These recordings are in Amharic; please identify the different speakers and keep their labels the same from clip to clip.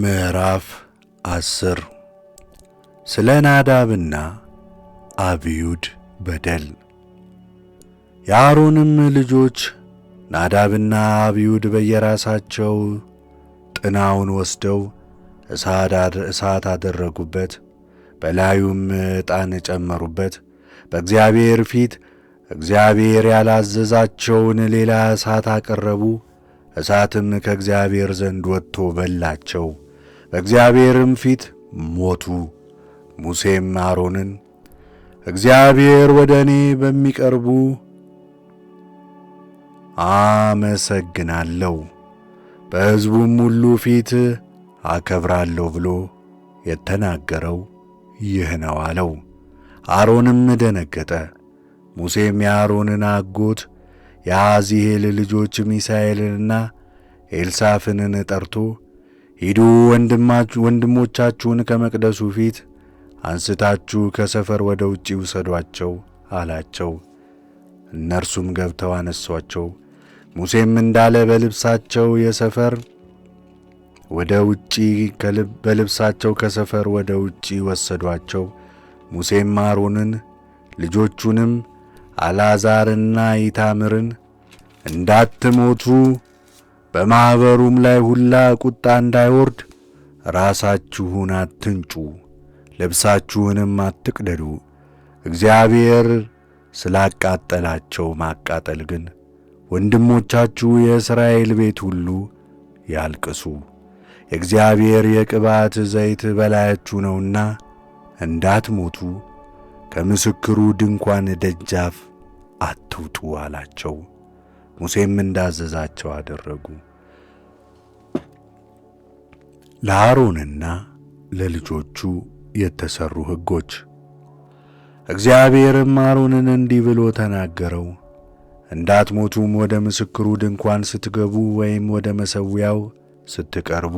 Speaker 1: ምዕራፍ አስር ስለ ናዳብና አብዩድ በደል። የአሮንም ልጆች ናዳብና አብዩድ በየራሳቸው ጥናውን ወስደው እሳት አደረጉበት፣ በላዩም ዕጣን ጨመሩበት። በእግዚአብሔር ፊት እግዚአብሔር ያላዘዛቸውን ሌላ እሳት አቀረቡ። እሳትም ከእግዚአብሔር ዘንድ ወጥቶ በላቸው፣ በእግዚአብሔርም ፊት ሞቱ። ሙሴም አሮንን እግዚአብሔር ወደ እኔ በሚቀርቡ አመሰግናለሁ፣ በሕዝቡም ሁሉ ፊት አከብራለሁ ብሎ የተናገረው ይህ ነው አለው። አሮንም ደነገጠ። ሙሴም የአሮንን አጎት የአዚሄል ልጆች ሚሳኤልንና ኤልሳፍንን ጠርቶ ሂዱ ወንድሞቻችሁን ከመቅደሱ ፊት አንስታችሁ ከሰፈር ወደ ውጭ ውሰዷቸው አላቸው። እነርሱም ገብተው አነሷቸው። ሙሴም እንዳለ በልብሳቸው የሰፈር ወደ ውጪ በልብሳቸው ከሰፈር ወደ ውጪ ወሰዷቸው። ሙሴም አሮንን ልጆቹንም አልዓዛርና ኢታምርን እንዳትሞቱ በማኅበሩም ላይ ሁላ ቁጣ እንዳይወርድ ራሳችሁን አትንጩ፣ ልብሳችሁንም አትቅደዱ። እግዚአብሔር ስላቃጠላቸው ማቃጠል ግን ወንድሞቻችሁ የእስራኤል ቤት ሁሉ ያልቅሱ። የእግዚአብሔር የቅባት ዘይት በላያችሁ ነውና እንዳትሞቱ ከምስክሩ ድንኳን ደጃፍ አትውጡ አላቸው። ሙሴም እንዳዘዛቸው አደረጉ። ለአሮንና ለልጆቹ የተሰሩ ሕጎች። እግዚአብሔርም አሮንን እንዲህ ብሎ ተናገረው። እንዳትሞቱም ወደ ምስክሩ ድንኳን ስትገቡ ወይም ወደ መሠዊያው ስትቀርቡ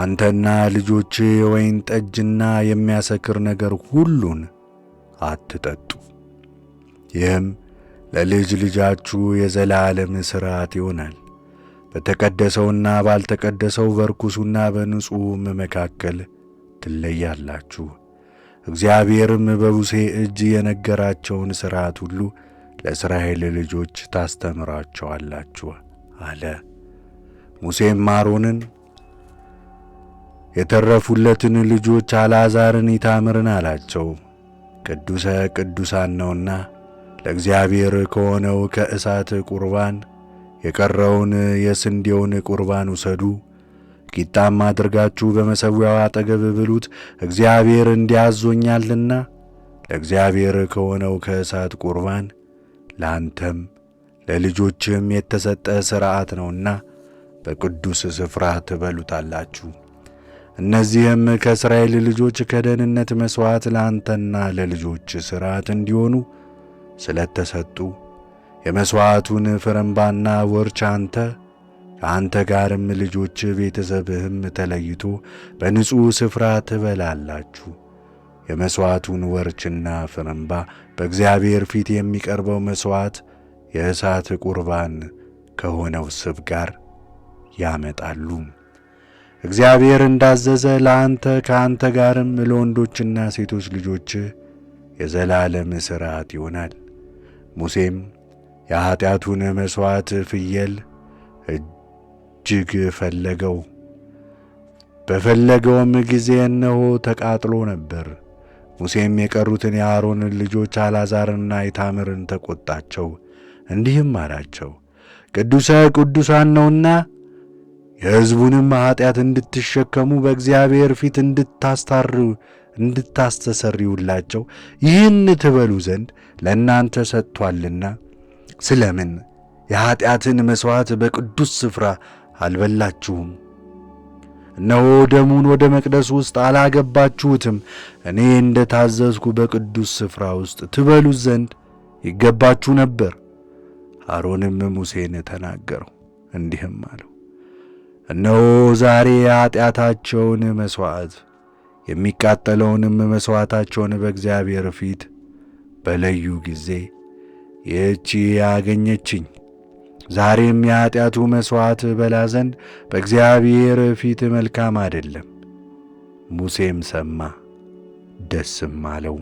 Speaker 1: አንተና ልጆች የወይን ጠጅና የሚያሰክር ነገር ሁሉን አትጠጡ፣ ይህም ለልጅ ልጃችሁ የዘላለም ሥርዓት ይሆናል። በተቀደሰውና ባልተቀደሰው በርኩሱና በንጹሕም መካከል ትለያላችሁ። እግዚአብሔርም በሙሴ እጅ የነገራቸውን ሥርዓት ሁሉ ለእስራኤል ልጆች ታስተምራቸዋላችሁ አለ። ሙሴም አሮንን የተረፉለትን ልጆች አልዓዛርን ኢታምርን አላቸው። ቅዱሰ ቅዱሳን ነውና ለእግዚአብሔር ከሆነው ከእሳት ቁርባን የቀረውን የስንዴውን ቁርባን ውሰዱ፣ ቂጣም አድርጋችሁ በመሠዊያው አጠገብ ብሉት፣ እግዚአብሔር እንዲያዞኛልና ለእግዚአብሔር ከሆነው ከእሳት ቁርባን ለአንተም ለልጆችም የተሰጠ ሥርዓት ነውና በቅዱስ ስፍራ ትበሉታላችሁ። እነዚህም ከእስራኤል ልጆች ከደህንነት መሥዋዕት ለአንተና ለልጆች ሥርዓት እንዲሆኑ ስለተሰጡ የመሥዋዕቱን ፍረምባና ወርች አንተ ከአንተ ጋርም ልጆች ቤተሰብህም ተለይቶ በንጹሕ ስፍራ ትበላላችሁ። የመሥዋዕቱን ወርችና ፍረምባ በእግዚአብሔር ፊት የሚቀርበው መሥዋዕት የእሳት ቁርባን ከሆነው ስብ ጋር ያመጣሉ። እግዚአብሔር እንዳዘዘ ለአንተ ከአንተ ጋርም ለወንዶችና ሴቶች ልጆች የዘላለም ሥርዓት ይሆናል። ሙሴም የኀጢአቱን መሥዋዕት ፍየል እጅግ ፈለገው። በፈለገውም ጊዜ እነሆ ተቃጥሎ ነበር። ሙሴም የቀሩትን የአሮንን ልጆች አልዓዛርንና ኢታምርን ተቆጣቸው፣ እንዲህም አላቸው፦ ቅዱሰ ቅዱሳን ነውና የሕዝቡንም ኀጢአት እንድትሸከሙ በእግዚአብሔር ፊት እንድታስታር እንድታስተሰርዩላቸው ይህን ትበሉ ዘንድ ለእናንተ ሰጥቷልና ስለምን የኀጢአትን መሥዋዕት በቅዱስ ስፍራ አልበላችሁም? እነሆ ደሙን ወደ መቅደስ ውስጥ አላገባችሁትም። እኔ እንደ ታዘዝኩ በቅዱስ ስፍራ ውስጥ ትበሉ ዘንድ ይገባችሁ ነበር። አሮንም ሙሴን ተናገረው እንዲህም አለው እነሆ ዛሬ የኀጢአታቸውን መሥዋዕት የሚቃጠለውንም መሥዋዕታቸውን በእግዚአብሔር ፊት በለዩ ጊዜ ይህቺ ያገኘችኝ ዛሬም የኀጢአቱ መሥዋዕት በላ ዘንድ በእግዚአብሔር ፊት መልካም አይደለም። ሙሴም ሰማ፣ ደስም አለው።